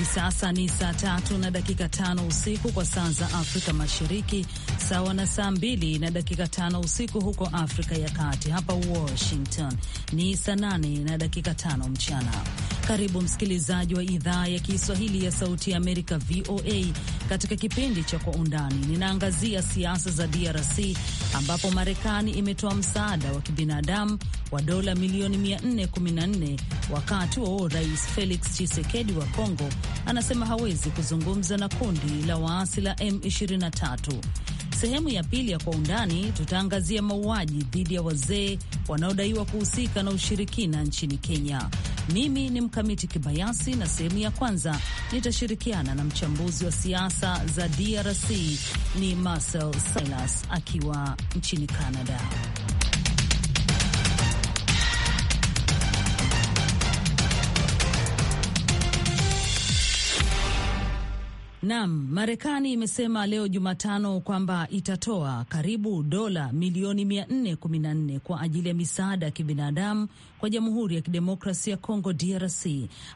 Hivi sasa ni saa tatu na dakika tano usiku kwa saa za Afrika Mashariki, sawa na saa mbili na dakika tano usiku huko Afrika ya Kati. Hapa Washington ni saa nane na dakika tano mchana. Karibu msikilizaji wa idhaa ya Kiswahili ya Sauti ya Amerika, VOA, katika kipindi cha Kwa Undani. Ninaangazia siasa za DRC ambapo Marekani imetoa msaada wa kibinadamu wa dola milioni 414 wakati wao Rais Felix Tshisekedi wa Kongo anasema hawezi kuzungumza na kundi la waasi la M23. Sehemu ya pili ya Kwa Undani tutaangazia mauaji dhidi ya wazee wanaodaiwa kuhusika na ushirikina nchini Kenya. Mimi ni Mkamiti Kibayasi, na sehemu ya kwanza nitashirikiana na mchambuzi wa siasa za DRC ni Marcel Silas akiwa nchini Canada. Naam, Marekani imesema leo Jumatano kwamba itatoa karibu dola milioni 414 kwa ajili ya misaada ya kibinadamu kwa Jamhuri ya Kidemokrasia ya Kongo DRC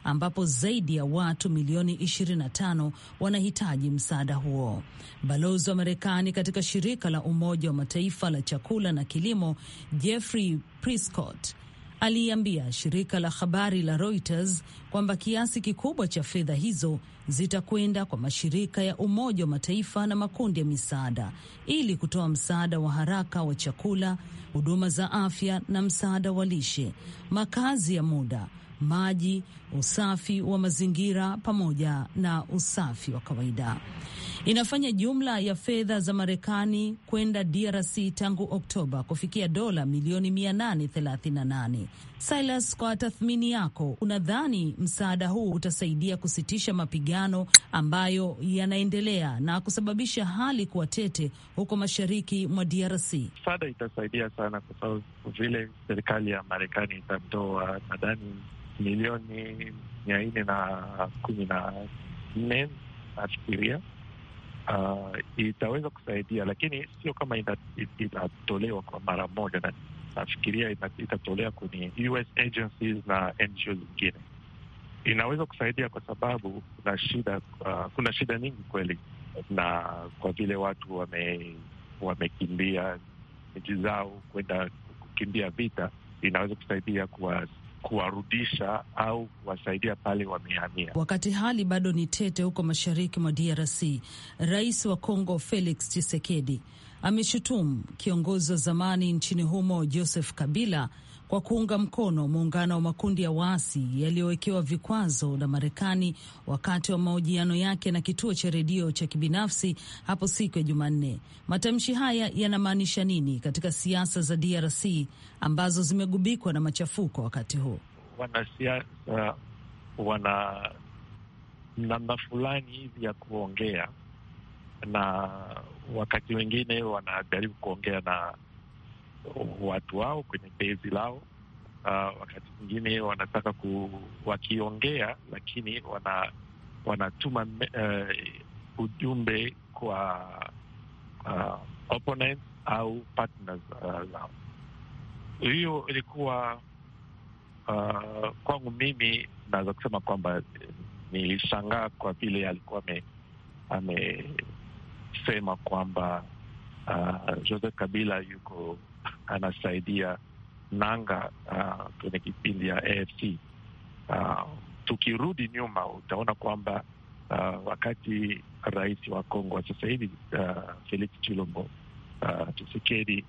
ambapo zaidi ya watu milioni 25 wanahitaji msaada huo. Balozi wa Marekani katika shirika la Umoja wa Mataifa la chakula na kilimo Jeffrey Priscott, aliambia shirika la habari la Reuters kwamba kiasi kikubwa cha fedha hizo zitakwenda kwa mashirika ya Umoja wa Mataifa na makundi ya misaada ili kutoa msaada wa haraka wa chakula, huduma za afya na msaada wa lishe, makazi ya muda, maji, usafi wa mazingira pamoja na usafi wa kawaida inafanya jumla ya fedha za Marekani kwenda DRC tangu Oktoba kufikia dola milioni 838. Silas, kwa tathmini yako, unadhani msaada huu utasaidia kusitisha mapigano ambayo yanaendelea na kusababisha hali kuwa tete huko mashariki mwa DRC? Msaada itasaidia sana kwa sababu vile serikali ya Marekani itamtoa nadhani milioni mia nne na kumi na nne nafikiria uh, itaweza kusaidia, lakini sio kama inatolewa kwa mara moja, na nafikiria itatolewa kwenye US agencies na NGO zingine. Inaweza kusaidia kwa sababu kuna shida, uh, kuna shida nyingi kweli, na kwa vile watu wame wamekimbia miji zao kwenda kukimbia vita, inaweza kusaidia kuwa kuwarudisha au kuwasaidia pale wamehamia. Wakati hali bado ni tete huko mashariki mwa DRC, rais wa Kongo Felix Tshisekedi ameshutumu kiongozi wa zamani nchini humo Joseph Kabila kwa kuunga mkono muungano wa makundi ya waasi yaliyowekewa vikwazo na Marekani wakati wa mahojiano yake na kituo cha redio cha kibinafsi hapo siku ya Jumanne. Matamshi haya yanamaanisha nini katika siasa za DRC ambazo zimegubikwa na machafuko wakati huu? Wanasiasa wana namna fulani hivi ya kuongea na wakati wengine wanajaribu kuongea na watu wao kwenye bezi lao. Uh, wakati mwingine wanataka ku, wakiongea lakini wana, wanatuma uh, ujumbe kwa uh, au partners uh, zao. Hiyo ilikuwa uh, kwangu mimi naweza kusema kwamba nilishangaa kwa vile alikuwa amesema kwamba uh, Joseph Kabila yuko anasaidia nanga uh, kwenye kipindi ya AFC. Uh, tukirudi nyuma utaona kwamba uh, wakati rais wa Kongo sasa hivi uh, Felix Chilombo uh, Tshisekedi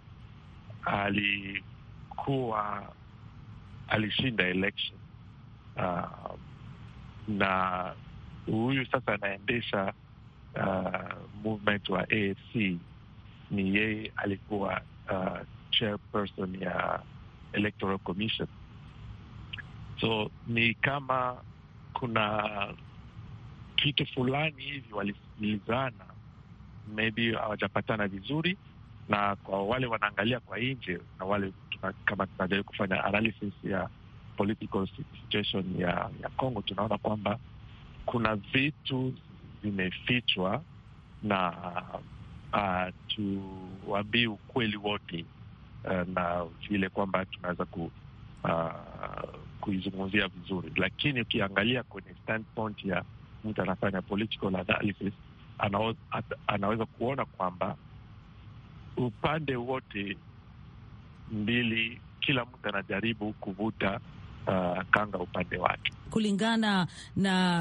alikuwa alishinda election uh, na huyu sasa anaendesha uh, movement wa AFC ni yeye alikuwa uh, chairperson ya Electoral Commission. So ni kama kuna kitu fulani hivi walisikilizana, maybe hawajapatana vizuri, na kwa wale wanaangalia kwa nje na wale tuna, kama tunajaribu kufanya analysis ya political situation ya ya Congo, tunaona kwamba kuna vitu vimefichwa na uh, tuwambii ukweli wote Eh, na vile kwamba tunaweza ku, uh, kuizungumzia vizuri, lakini ukiangalia kwenye standpoint ya mtu anafanya political analysis anaweza, anaweza kuona kwamba upande wote mbili kila mtu anajaribu kuvuta uh, kanga upande wake kulingana na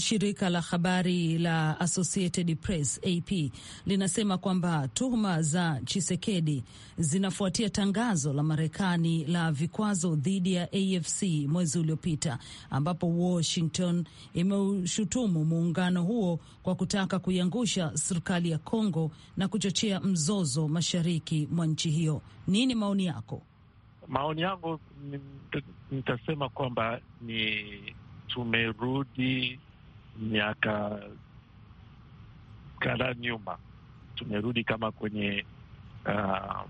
shirika la habari la Associated Press AP linasema kwamba tuhuma za Chisekedi zinafuatia tangazo la Marekani la vikwazo dhidi ya AFC mwezi uliopita, ambapo Washington imeushutumu muungano huo kwa kutaka kuiangusha serikali ya congo na kuchochea mzozo mashariki mwa nchi hiyo. Nini maoni yako? Maoni yangu nitasema kwamba ni tumerudi miaka kadhaa nyuma, tumerudi kama kwenye uh,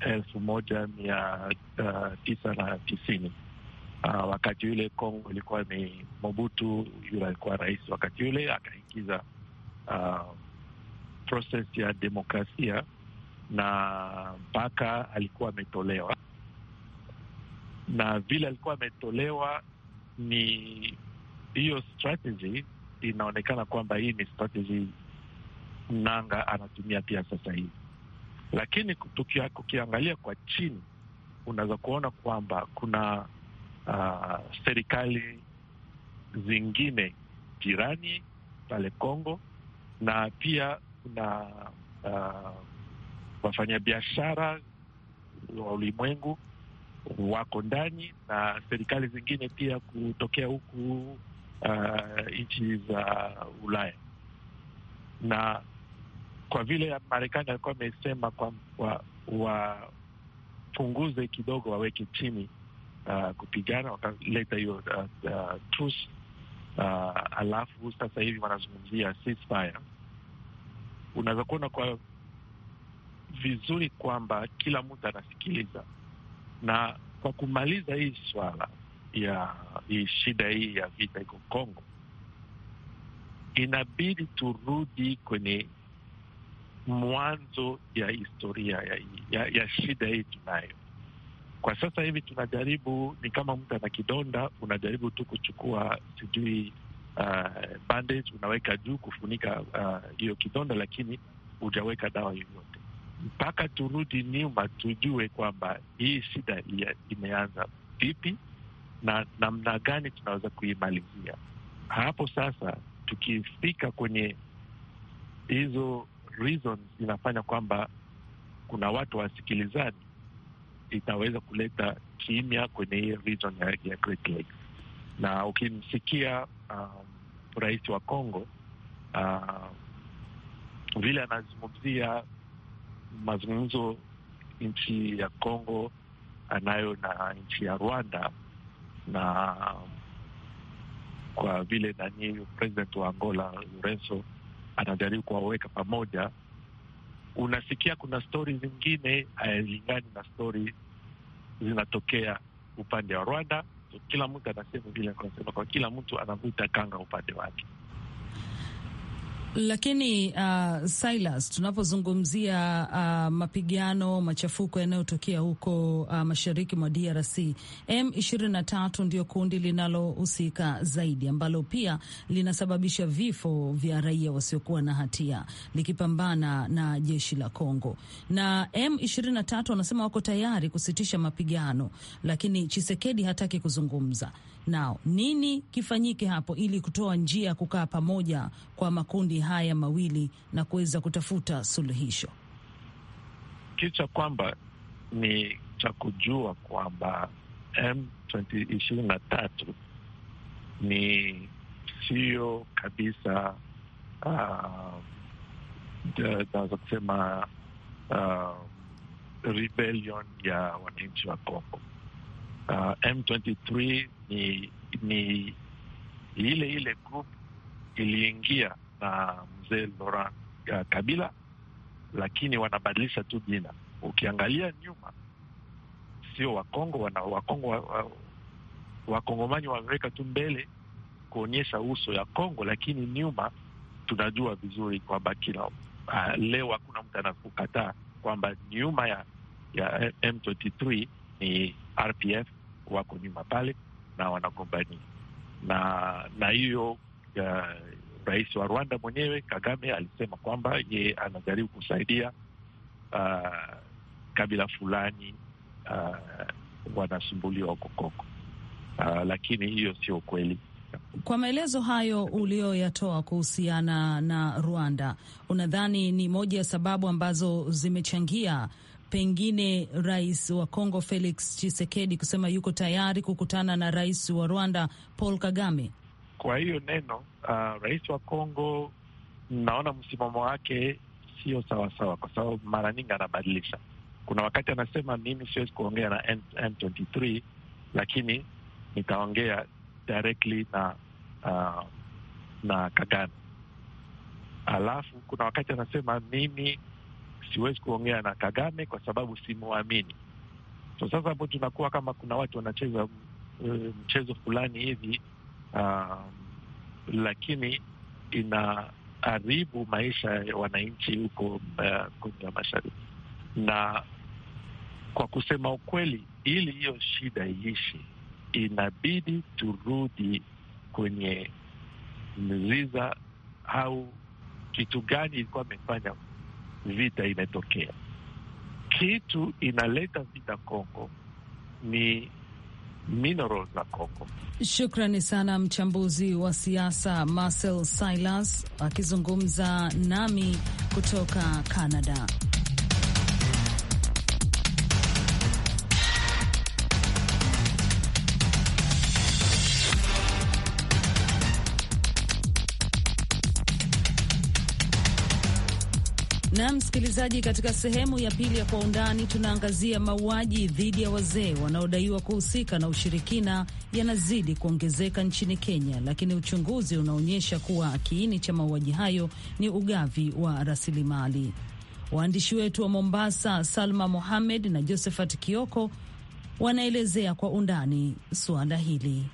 elfu moja mia uh, tisa na tisini. Uh, wakati yule Kongo ilikuwa ni Mobutu, yule alikuwa rais wakati yule, akaingiza uh, um, proses ya demokrasia na mpaka alikuwa ametolewa, na vile alikuwa ametolewa ni hiyo strategy inaonekana kwamba hii ni strategy Mnanga anatumia pia sasa hivi, lakini tukia, kukiangalia kwa chini unaweza kuona kwamba kuna uh, serikali zingine jirani pale Kongo na pia kuna uh, wafanyabiashara wa ulimwengu wako ndani na serikali zingine pia kutokea huku uh, nchi za uh, Ulaya na kwa vile Marekani alikuwa amesema kwamba wapunguze wa kidogo, waweke chini uh, kupigana, wakaleta hiyo uh, uh, truce uh, alafu sasa hivi wanazungumzia ceasefire. Unaweza kuona kwa vizuri kwamba kila mtu anasikiliza, na kwa kumaliza hii swala ya hii shida hii ya vita iko Kongo, inabidi turudi kwenye mwanzo ya historia ya, ya, ya shida hii tunayo kwa sasa hivi. Tunajaribu ni kama mtu ana kidonda, unajaribu tu kuchukua sijui uh, bandage unaweka juu kufunika uh, hiyo uh, kidonda, lakini hujaweka dawa yoyote mpaka turudi nyuma tujue kwamba hii shida imeanza vipi na namna gani tunaweza kuimalizia. Hapo sasa tukifika kwenye hizo reasons, zinafanya kwamba kuna watu wasikilizani, itaweza kuleta kimya kwenye hii region ya, ya Great Na ukimsikia um, rais wa Congo uh, vile anazungumzia mazungumzo nchi ya Congo anayo na nchi ya Rwanda na kwa vile nani president wa Angola Lorenzo anajaribu kuwaweka pamoja, unasikia kuna stori zingine hayalingani na stori zinatokea upande wa Rwanda. So, kila mtu anasema vile kwa kila mtu anavuta kanga upande wake. Lakini uh, Silas, tunapozungumzia uh, mapigano, machafuko yanayotokea huko uh, mashariki mwa DRC, M23 ndio kundi linalohusika zaidi, ambalo pia linasababisha vifo vya raia wasiokuwa na hatia likipambana na jeshi la Kongo. Na M23 wanasema wako tayari kusitisha mapigano, lakini Chisekedi hataki kuzungumza na nini kifanyike hapo ili kutoa njia ya kukaa pamoja kwa makundi haya mawili na kuweza kutafuta suluhisho? Kitu cha kwamba ni cha kujua kwamba m ishirini na tatu ni sio kabisa uh, eh, naweza uh, kusema uh, rebellion ya wananchi wa Kongo uh, M23 ni, ni ile ile group iliingia na mzee Laurent uh, Kabila, lakini wanabadilisha tu jina. Ukiangalia nyuma, sio Wakongo wana Wakongo wa, wa wameweka tu mbele kuonyesha uso ya Kongo, lakini nyuma tunajua vizuri kwamba kila uh, leo hakuna mtu anakukataa kwamba nyuma ya, ya M23 ni RPF wako nyuma pale na wanagombania, na na hiyo uh, rais wa Rwanda mwenyewe Kagame alisema kwamba ye anajaribu kusaidia uh, kabila fulani uh, wanasumbuliwa huko uh, lakini hiyo sio kweli. Kwa maelezo hayo uliyoyatoa kuhusiana na Rwanda, unadhani ni moja ya sababu ambazo zimechangia pengine rais wa Kongo Felix Tshisekedi kusema yuko tayari kukutana na rais wa Rwanda Paul Kagame. Kwa hiyo neno uh, rais wa Kongo, naona msimamo wake sio sawasawa, kwa sababu mara nyingi anabadilisha. Kuna wakati anasema mimi siwezi kuongea na M23, lakini nitaongea directly na uh, na Kagame. Alafu kuna wakati anasema mimi siwezi kuongea na Kagame kwa sababu simwamini. So sasa hapo tunakuwa kama kuna watu wanacheza uh, mchezo fulani hivi um, lakini inaharibu maisha ya wananchi huko uh, Kongo Mashariki. Na kwa kusema ukweli, ili hiyo shida iishi, inabidi turudi kwenye mziza au kitu gani ilikuwa amefanya vita imetokea. Kitu inaleta vita Kongo ni mineral za Kongo. Shukrani sana mchambuzi wa siasa Marcel Silas akizungumza nami kutoka Canada. na msikilizaji, katika sehemu ya pili ya Kwa Undani tunaangazia mauaji dhidi ya wazee wanaodaiwa kuhusika na ushirikina yanazidi kuongezeka nchini Kenya, lakini uchunguzi unaonyesha kuwa kiini cha mauaji hayo ni ugavi wa rasilimali. Waandishi wetu wa Mombasa, Salma Mohamed na Josephat Kioko, wanaelezea kwa undani suala hili.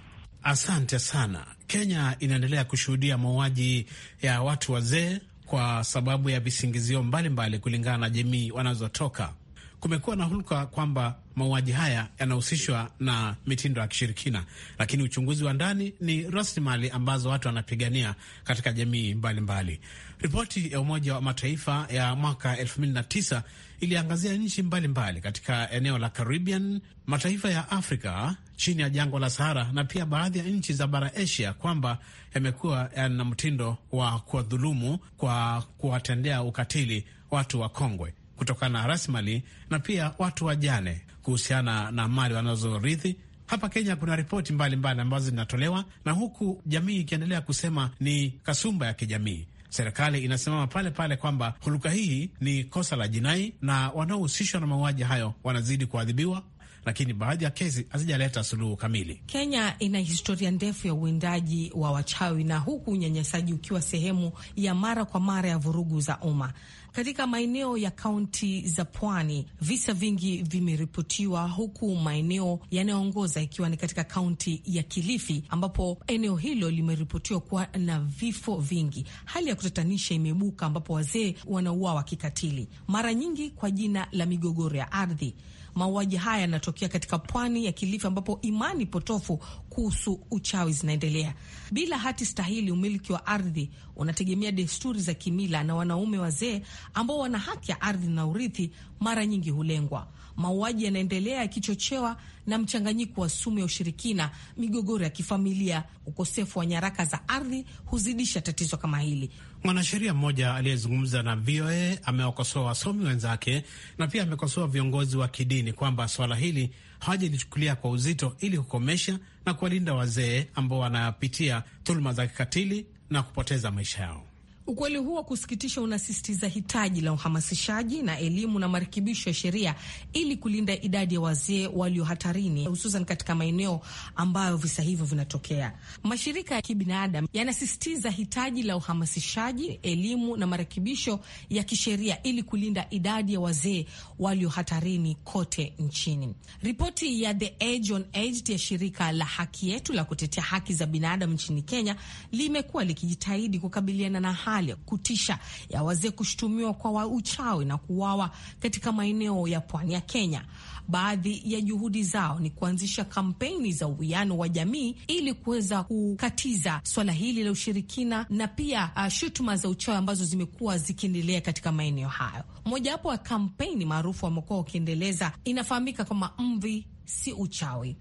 Asante sana. Kenya inaendelea kushuhudia mauaji ya watu wazee kwa sababu ya visingizio mbalimbali kulingana na jamii wanazotoka. Kumekuwa na hulka kwamba mauaji haya yanahusishwa na mitindo ya kishirikina, lakini uchunguzi wa ndani ni rasilimali ambazo watu wanapigania katika jamii mbalimbali. Ripoti ya Umoja wa Mataifa ya mwaka 2009 iliangazia nchi mbalimbali katika eneo la Caribbean, mataifa ya Afrika chini ya jangwa la Sahara na pia baadhi ya nchi za bara Asia kwamba yamekuwa yana mtindo wa kuwadhulumu kwa kuwatendea ukatili watu wakongwe kutokana na rasimali na pia watu wajane kuhusiana na mali wanazorithi. Hapa Kenya kuna ripoti mbalimbali ambazo zinatolewa na huku jamii ikiendelea kusema ni kasumba ya kijamii. Serikali inasimama pale pale kwamba huluka hii ni kosa la jinai na wanaohusishwa na mauaji hayo wanazidi kuadhibiwa lakini baadhi ya kesi hazijaleta suluhu kamili. Kenya ina historia ndefu ya uwindaji wa wachawi na huku unyanyasaji ukiwa sehemu ya mara kwa mara ya vurugu za umma. Katika maeneo ya kaunti za pwani visa vingi vimeripotiwa, huku maeneo yanayoongoza ikiwa ni katika kaunti ya Kilifi, ambapo eneo hilo limeripotiwa kuwa na vifo vingi. Hali ya kutatanisha imeibuka, ambapo wazee wanauawa kikatili, mara nyingi kwa jina la migogoro ya ardhi. Mauaji haya yanatokea katika pwani ya Kilifi ambapo imani potofu kuhusu uchawi zinaendelea. Bila hati stahili, umiliki wa ardhi unategemea desturi za kimila na wanaume wazee ambao wana haki ya ardhi na urithi mara nyingi hulengwa. Mauaji yanaendelea yakichochewa na mchanganyiko wa sumu ya ushirikina, migogoro ya kifamilia. Ukosefu wa nyaraka za ardhi huzidisha tatizo kama hili. Mwanasheria mmoja aliyezungumza na VOA amewakosoa wasomi wenzake na pia amekosoa viongozi wa kidini kwamba swala hili hawajalichukulia kwa uzito ili kukomesha na kuwalinda wazee ambao wanapitia dhuluma za kikatili na kupoteza maisha yao. Ukweli huo wa kusikitisha unasisitiza hitaji la uhamasishaji na elimu na marekebisho ya sheria ili kulinda idadi ya wazee walio hatarini, hususan katika maeneo ambayo visa hivyo vinatokea. Mashirika ya kibinadamu yanasisitiza hitaji la uhamasishaji, elimu na marekebisho ya kisheria ili kulinda idadi ya wazee walio hatarini kote nchini. Ripoti ya The Age on Age ya shirika la Haki Yetu la kutetea haki za binadamu nchini Kenya limekuwa likijitahidi kukabiliana na ya kutisha ya wazee kushutumiwa kwa uchawi na kuuawa katika maeneo ya pwani ya Kenya. Baadhi ya juhudi zao ni kuanzisha kampeni za uwiano wa jamii ili kuweza kukatiza swala hili la ushirikina na pia uh, shutuma za uchawi ambazo zimekuwa zikiendelea katika maeneo hayo. Mojawapo ya kampeni maarufu wamekuwa wakiendeleza inafahamika kama Mvi si Uchawi.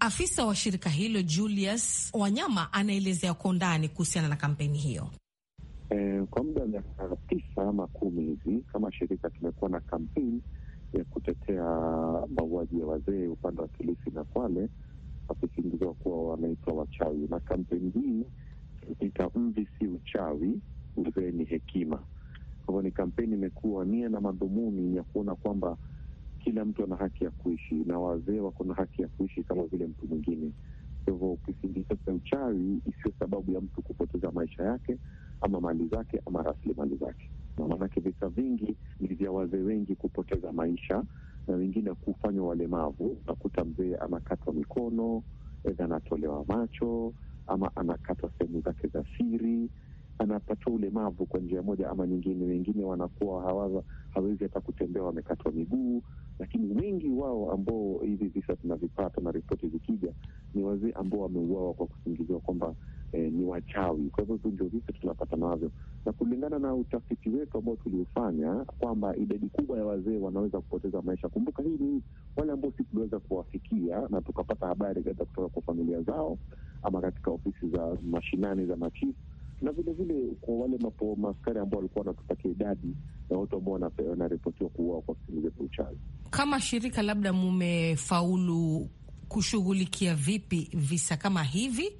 Afisa wa shirika hilo Julius Wanyama anaelezea kwa undani kuhusiana na kampeni hiyo. E, kwa muda wa miaka tisa ama kumi hivi kama shirika tumekuwa na kampeni ya kutetea mauaji ya wazee upande wa Kilifi na Kwale, wakisingiziwa kuwa wanaitwa wachawi. Na kampeni hii ita mvi si uchawi, uzee ni hekima. Kwa hivyo ni kampeni imekuwa nia na madhumuni ya kuona kwamba kila mtu ana haki ya kuishi na wazee wako na haki ya kuishi kama vile mtu mwingine. Kwa hivyo kisingizio cha uchawi isiyo sababu ya mtu kupoteza maisha yake ama mali zake ama rasilimali zake, maanake visa vingi ni vya wazee wengi kupoteza maisha na wengine kufanywa walemavu. Unakuta mzee anakatwa mikono, edha anatolewa macho ama anakatwa sehemu zake za siri, anapatiwa ulemavu kwa njia moja ama nyingine. Wengine wanakuwa hawezi hata kutembea, wamekatwa miguu lakini wengi wao ambao hivi visa tunavipata na ripoti zikija ni wazee ambao wameuawa kwa kusingiziwa kwamba eh, ni wachawi. Kwa hivyo hivyo ndio visa tunapata navyo, na kulingana na utafiti wetu ambao tuliufanya kwamba idadi kubwa ya wazee wanaweza kupoteza maisha. Kumbuka hii ni wale ambao si tuliweza kuwafikia na tukapata habari kadha kutoka kwa familia zao ama katika ofisi za mashinani za machifu na vilevile kwa wale mapo maaskari ambao walikuwa wanatupatia idadi na watu ambao wanaripotiwa kuuawa kwa vitendo vya uchawi. Kama shirika, labda mumefaulu kushughulikia vipi visa kama hivi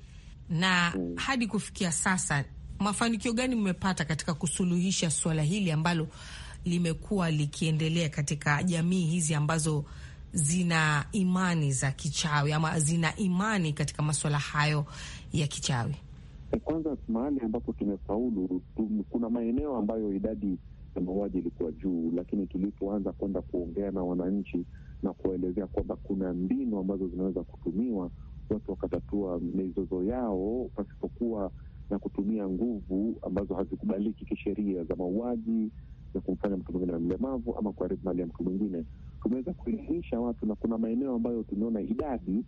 na hmm, hadi kufikia sasa mafanikio gani mmepata katika kusuluhisha suala hili ambalo limekuwa likiendelea katika jamii hizi ambazo zina imani za kichawi ama zina imani katika masuala hayo ya kichawi? Kwanza, mahali ambapo tumefaulu, kuna maeneo ambayo idadi ya mauaji ilikuwa juu, lakini tulipoanza kwenda kuongea na wananchi na kuwaelezea kwamba kuna mbinu ambazo zinaweza kutumiwa, watu wakatatua mizozo yao pasipokuwa na kutumia nguvu ambazo hazikubaliki kisheria za mauaji na kumfanya mtu mwingine na mlemavu ama kuharibu mali ya mtu mwingine. Tumeweza kuelimisha watu na kuna maeneo ambayo tumeona idadi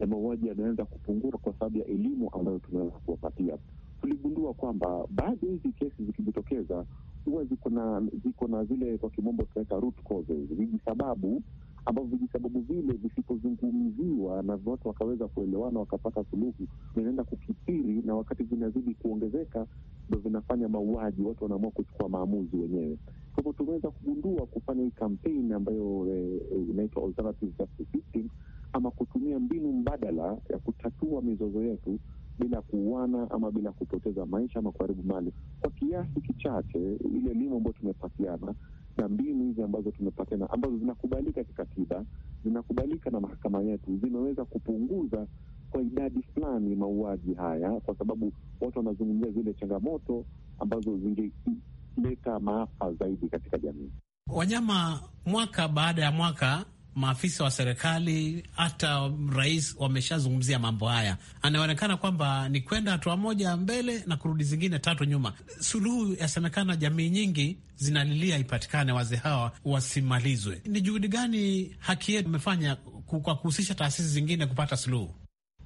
ya mauaji yanaweza kupungua kwa sababu ya elimu ambayo tunaweza kuwapatia. Tuligundua kwamba baadhi ya hizi kesi zikijitokeza huwa ziko na ziko na zile kwa kimombo tunaita root causes, vijisababu ambavyo vijisababu vile visipozungumziwa na watu wakaweza kuelewana wakapata suluhu, vinaenda kukithiri, na wakati vinazidi kuongezeka ndo vinafanya mauaji, watu wanaamua kuchukua maamuzi wenyewe. Kwa hivyo tumeweza kugundua kufanya hii kampeni ambayo eh, inaitwa Alternative Justice System ama kutumia mbinu mbadala ya kutatua mizozo yetu bila kuuana ama bila kupoteza maisha ama kuharibu mali, kwa kiasi kichache ile elimu ambayo tumepatiana na mbinu hizi ambazo tumepatiana ambazo zinakubalika kikatiba, zinakubalika na mahakama yetu, zimeweza kupunguza kwa idadi fulani mauaji haya, kwa sababu watu wanazungumzia zile changamoto ambazo zingeleta maafa zaidi katika jamii. Wanyama mwaka baada ya mwaka maafisa wa serikali hata rais wameshazungumzia mambo haya. Anaonekana kwamba ni kwenda hatua moja mbele na kurudi zingine tatu nyuma. Suluhu yasemekana jamii nyingi zinalilia ipatikane, wazee hawa wasimalizwe. Ni juhudi gani haki yetu imefanya kwa kuhusisha taasisi zingine kupata suluhu?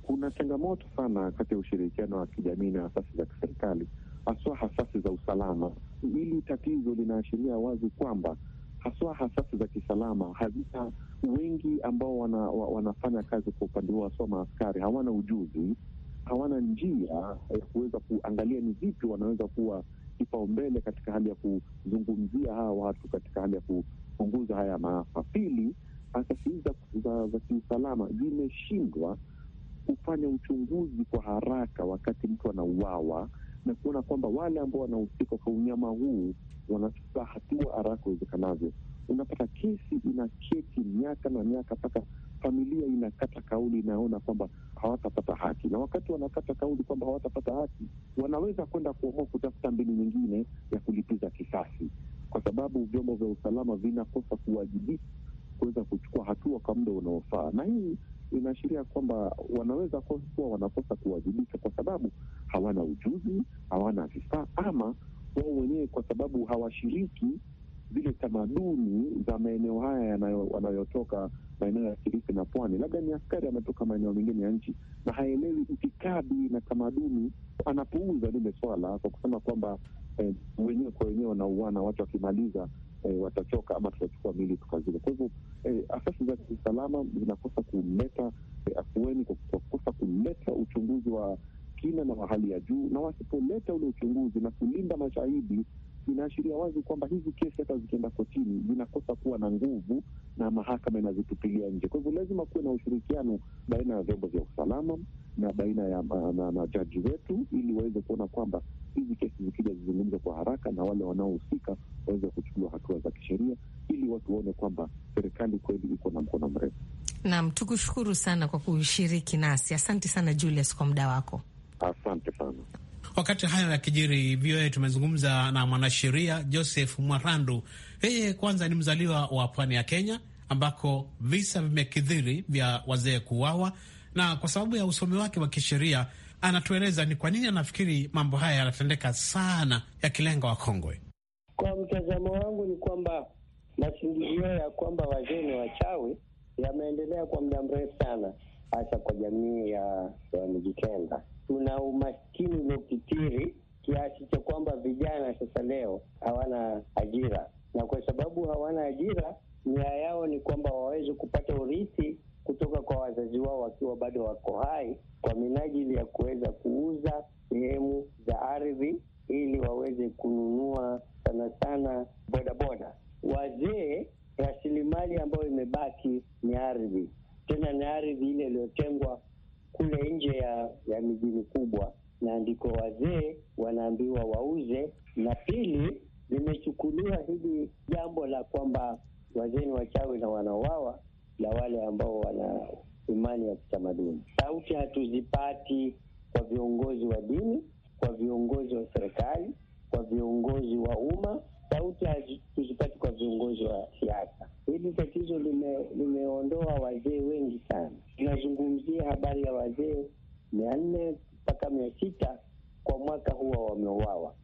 Kuna changamoto sana kati ya ushirikiano wa kijamii na asasi za kiserikali, haswa asasi za usalama. Hili tatizo linaashiria wazi kwamba haswa hasasi za kisalama hazina wengi ambao wana, wanafanya kazi kwa upande huo, haswa maaskari hawana ujuzi, hawana njia ya kuweza kuangalia ni vipi wanaweza kuwa kipaumbele katika hali ya kuzungumzia hawa watu katika hali ya kupunguza haya maafa. Pili, asasi hizi za kiusalama zimeshindwa kufanya uchunguzi kwa haraka wakati mtu anauawa na kuona kwamba wale ambao wanahusika kwa unyama huu wanachukua hatua haraka iwezekanavyo. Unapata kesi inaketi miaka na miaka mpaka familia inakata kauli, inaona kwamba hawatapata haki, na wakati wanakata kauli kwamba hawatapata haki, wanaweza kwenda kuamua kutafuta mbinu nyingine ya kulipiza kisasi, kwa sababu vyombo vya usalama vinakosa kuwajibika kuweza kuchukua hatua kwa muda unaofaa, na hii inaashiria kwamba wanaweza kuwa wanakosa kuwajibika kwa sababu hawana ujuzi, hawana vifaa ama wao wenyewe, kwa sababu hawashiriki zile tamaduni za maeneo haya wanayotoka, maeneo ya Kilifi na Pwani. Labda ni askari ametoka maeneo mengine ya nchi na haelewi itikadi na tamaduni, anapuuza lile swala kwa kusema kwamba eh, wenyewe kwa wenyewe wanauana, watu wakimaliza eh, watachoka ama tutachukua mili tukazile. Kwa hivyo eh, asasi za kiusalama zinakosa kuleta eh, afueni kwa kukosa kuleta uchunguzi wa kina na wa hali ya juu, na wasipoleta ule uchunguzi na kulinda mashahidi, inaashiria wazi kwamba hizi kesi hata zikienda kotini zinakosa kuwa na nguvu na mahakama inazitupilia nje. Kwa hivyo lazima kuwe na ushirikiano baina ya vyombo vya usalama na baina ya na, na, na jaji wetu ili waweze kuona kwamba hizi kesi zikija zizungumze kwa haraka na wale wanaohusika waweze kuchukua hatua za kisheria ili watu waone kwamba serikali kweli iko na mkono mrefu. Naam, tukushukuru sana kwa kushiriki nasi. Asante sana Julius kwa muda wako. Asante sana. Wakati haya kijiri VOA tumezungumza na mwanasheria Joseph Mwarandu. Yeye kwanza ni mzaliwa wa pwani ya Kenya ambako visa vimekithiri vya wazee kuuawa, na kwa sababu ya usomi wake wa kisheria anatueleza ni kwa nini anafikiri mambo haya yanatendeka sana yakilenga wakongwe. Kwa mtazamo wangu ni kwamba masingizio ya kwamba wazee ni wachawi yameendelea kwa muda mrefu sana, hasa kwa jamii ya wanijikenda tuna umaskini uliokitiri kiasi cha kwamba vijana sasa leo hawana ajira, na kwa sababu hawana ajira, nia yao ni kwamba waweze kupata urithi kutoka kwa wazazi wao wakiwa bado wako hai, kwa minajili ya kuweza kuuza sehemu za ardhi ili waweze kununua sana sana bodaboda. Wazee, rasilimali ambayo imebaki ni ardhi, tena ni ardhi ile iliyotengwa kule nje ya, ya miji mikubwa, na ndiko wazee wanaambiwa wauze. Na pili, limechukuliwa hili jambo la kwamba wazee ni wachawi na wanaowawa la wale ambao wana imani ya kitamaduni. Sauti hatuzipati kwa viongozi wa dini, kwa viongozi wa serikali, kwa viongozi wa umma sauti hazipati kwa viongozi wa siasa. Hili tatizo limeondoa wazee wengi sana. Tunazungumzia habari ya wazee mia nne mpaka mia sita kwa mwaka huwa wameuawa.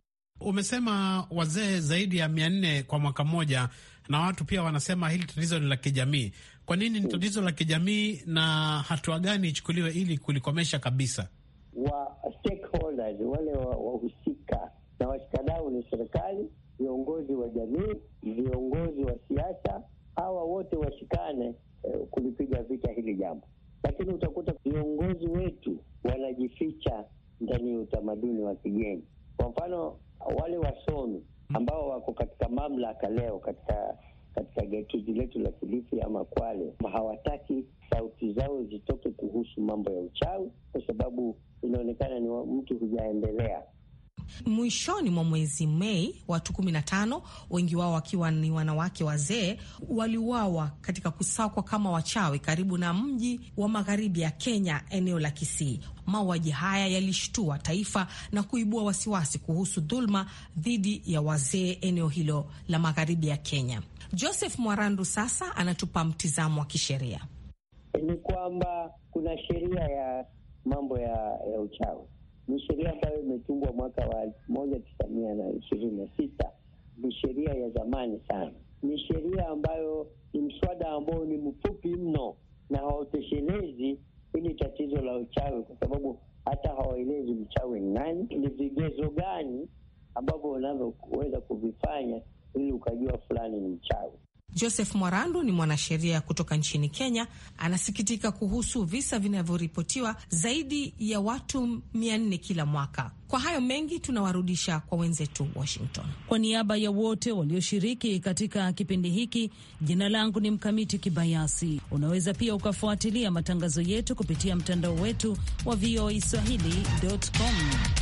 Umesema wazee zaidi ya mia nne kwa mwaka mmoja, na watu pia wanasema hili tatizo ni la kijamii. Kwa nini ni hmm. tatizo la kijamii na hatua gani ichukuliwe ili kulikomesha kabisa? wa stakeholders, wale wahusika wa na washikadau ni serikali viongozi wa jamii, viongozi wa siasa, hawa wote washikane eh, kulipiga vita hili jambo. Lakini utakuta viongozi wetu wanajificha ndani ya utamaduni wa kigeni. Kwa mfano, wale wasomi hmm. ambao wako katika mamlaka leo katika katika gatuzi letu la Kilifi ama Kwale, hawataki sauti zao zitoke kuhusu mambo ya uchawi, kwa sababu inaonekana ni mtu hujaendelea Mwishoni mwa mwezi Mei, watu 15 wengi wao wakiwa ni wanawake wazee, waliuawa katika kusakwa kama wachawi karibu na mji wa magharibi ya Kenya, eneo la Kisii. Mauaji haya yalishtua taifa na kuibua wasiwasi kuhusu dhuluma dhidi ya wazee eneo hilo la magharibi ya Kenya. Joseph Mwarandu sasa anatupa mtizamo wa kisheria. Ni kwamba kuna sheria ya mambo ya, ya uchawi ni sheria ambayo imetungwa mwaka wa elfu moja tisa mia na ishirini na sita. Ni sheria ya zamani sana, ni sheria ambayo ni mswada ambao ni mfupi mno na hawatoshelezi hili tatizo la uchawi, kwa sababu hata hawaelezi mchawi ni nani, ni vigezo gani ambavyo unavyoweza kuvifanya ili ukajua fulani ni mchawi. Joseph Mwarandu ni mwanasheria kutoka nchini Kenya. Anasikitika kuhusu visa vinavyoripotiwa zaidi ya watu mia nne kila mwaka. Kwa hayo mengi, tunawarudisha kwa wenzetu Washington. Kwa niaba ya wote walioshiriki katika kipindi hiki, jina langu ni Mkamiti Kibayasi. Unaweza pia ukafuatilia matangazo yetu kupitia mtandao wetu wa voa swahili.com.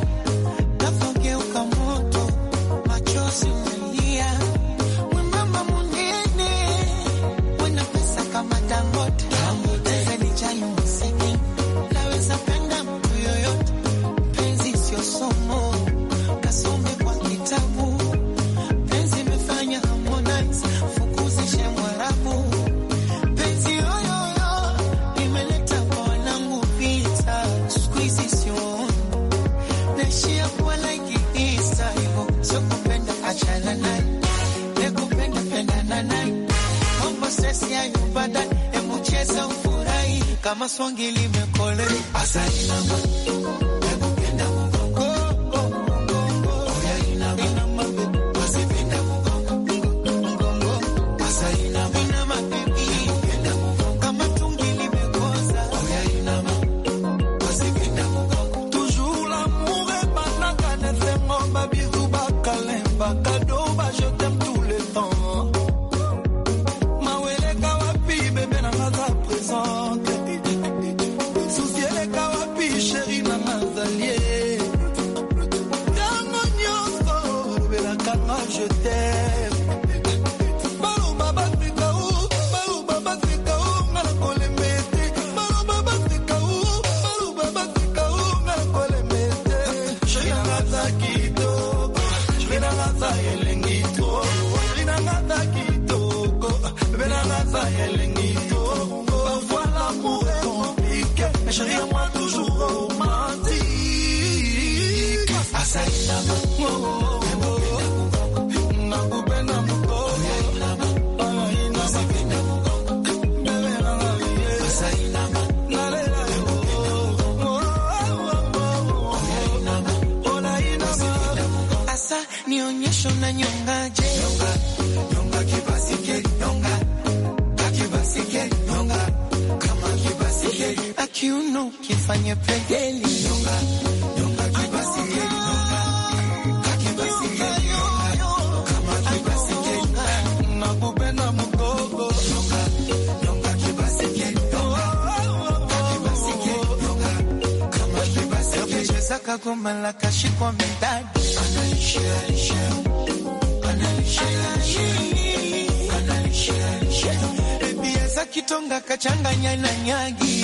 kiuno kifanye pengeli Kagoma la kashi kwa mdadi Pesa kitonga kachanganya na nyagi.